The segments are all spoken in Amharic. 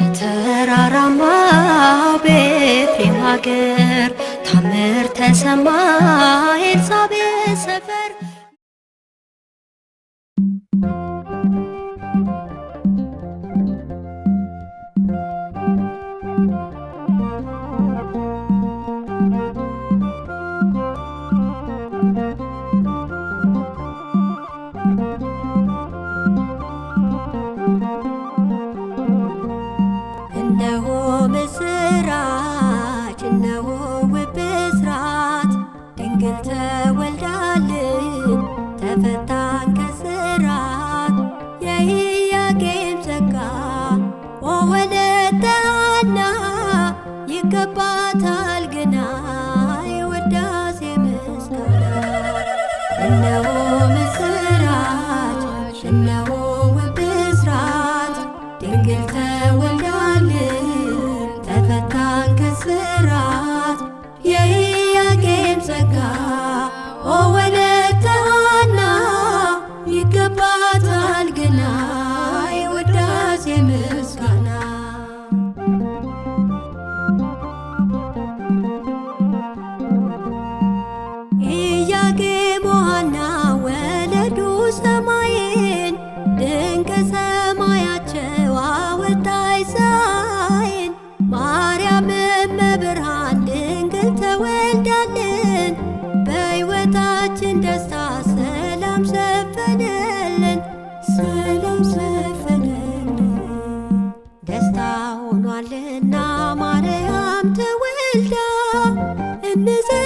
የተራራማ ቤተልሔም ሀገር ታምር ተሰማ ኤልሳቤጥ ሰፈር En de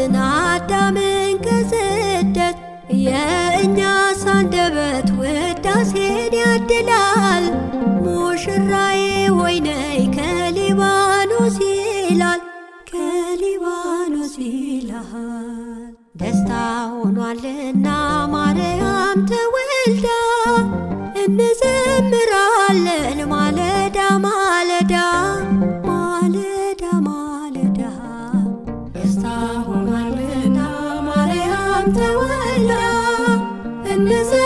ሐዋርያትን አዳምን ከስደት የእኛስ አንደበት ውዳሴን ያድላል። ሙሽራዬ ወይ ነይ ከሊባኖስ ይላል ከሊባኖስ ይላል። ደስታ ሆኗልና ማርያም ተወልዳ ተወላ እነዘ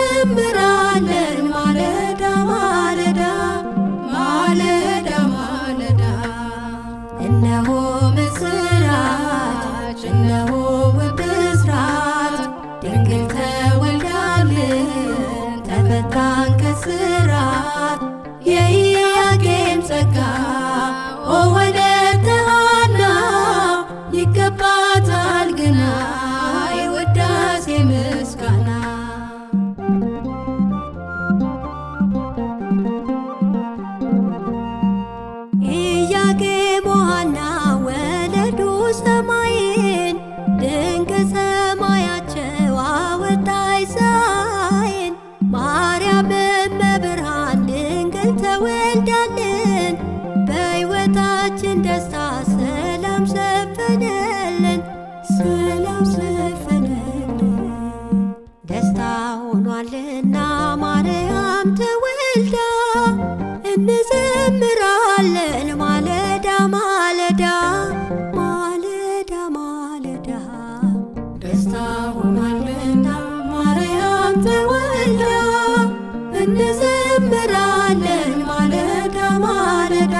ትመጣለች ማለዳ ማለዳ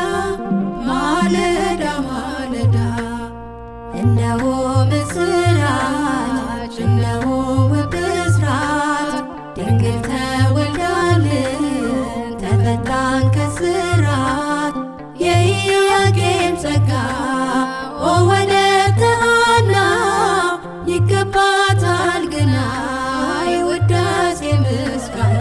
ማለዳ ማለዳ እነሆ ምስራች እነሆ ብስራት ድንግል ተወልዳልን ተፈታን ከስራት የኢያቄም ጸጋ ወወለተ ሐና ይገባታል ግና ውዳሴ ምስጋና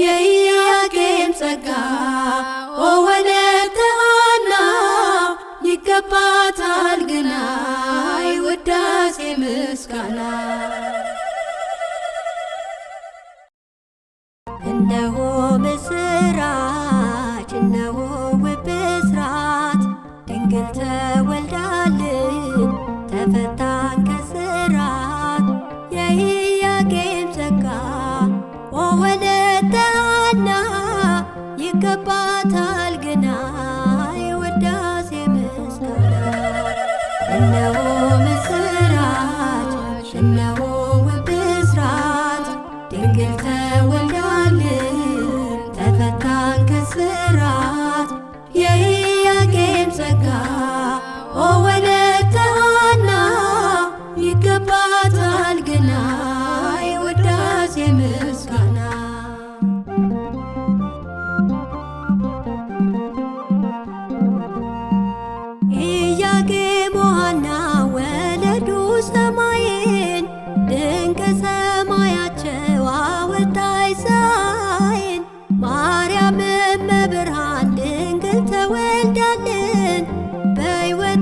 የኢያቄም ጸጋ ኦ ወለተ ሐና ይገባታል ግናይ ውዳሴ ምስጋና እነሆ ምስራች እነሆ ብስራት ድንግል ተወልዳልን ተፈታን ከስራት የኢያቄም ጸጋ ኦ Kapatha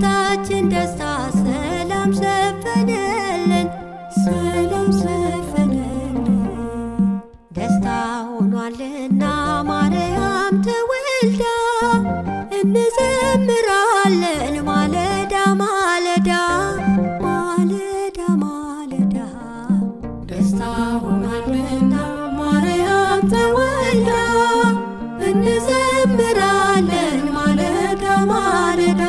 በሕይወታችን ደስታ ሰላም ሰፈነልን፣ ሰላም ሰፈነልን። ደስታ ሆኗልና ማርያም ተወልዳ እንዘምራለን ማለዳ ማለዳ ማለዳ ማለዳ ደስታ ሆኗልና ማርያም ተወልዳ እንዘምራለን ማለዳ ማለዳ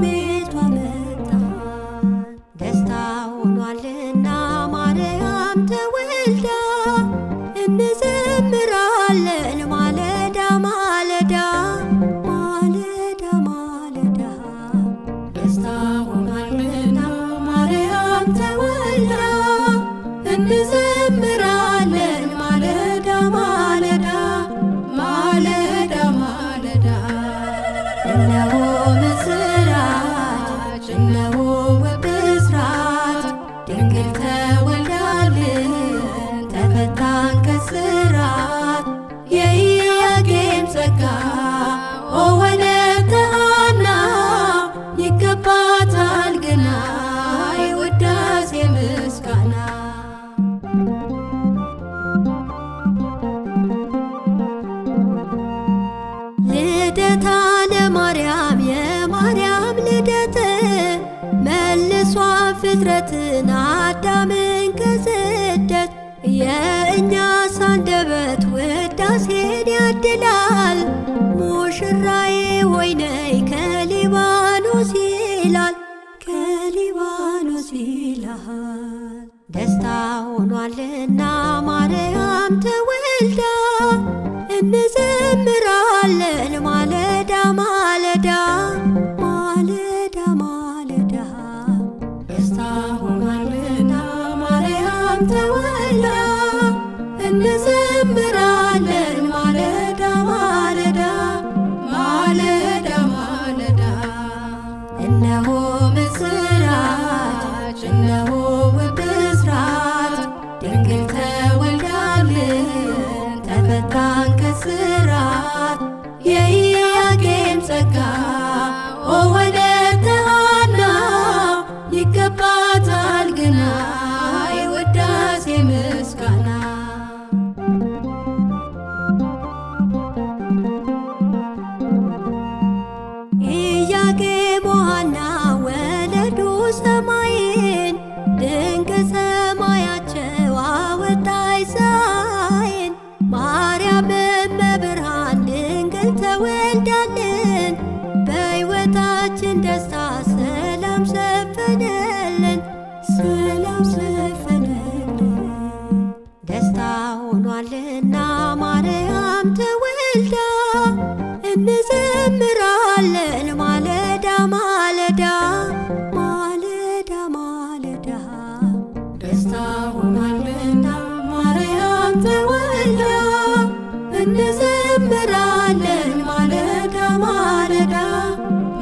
me ልደታ ለማርያም የማርያም ልደት መልሷ ፍጥረትን አዳምን ከስደት የእኛስ አንደበት ውዳሴን ያድላል ሙሽራዬ ወይነይ ከሊባኖስ ይላል ከሊባኖስ ይላል ደስታ ሆኗልና ማረ ማለዳ ማለዳ ማለዳ ደስታ ሆናልና ማርያም ተወልዳ እንዘምራለን ማለዳ ማለዳ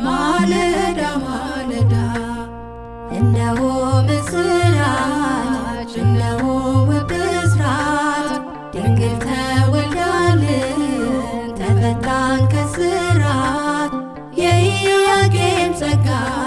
ማለዳ ማለዳ እነሆ ምስራች እነሆ ብስራት ድንግል ተወልዳልን ተፈታን God.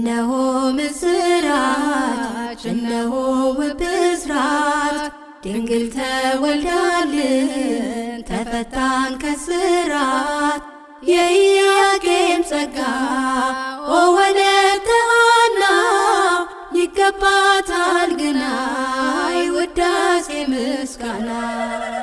እነሆ ምስራች እነሆ ብስራት ድንግል ተወልዳልን ተፈታን ከስራት የኢያቄም ጸጋ ኦወነ ተሃና ይገባታል ግና ውዳሴ ምስጋና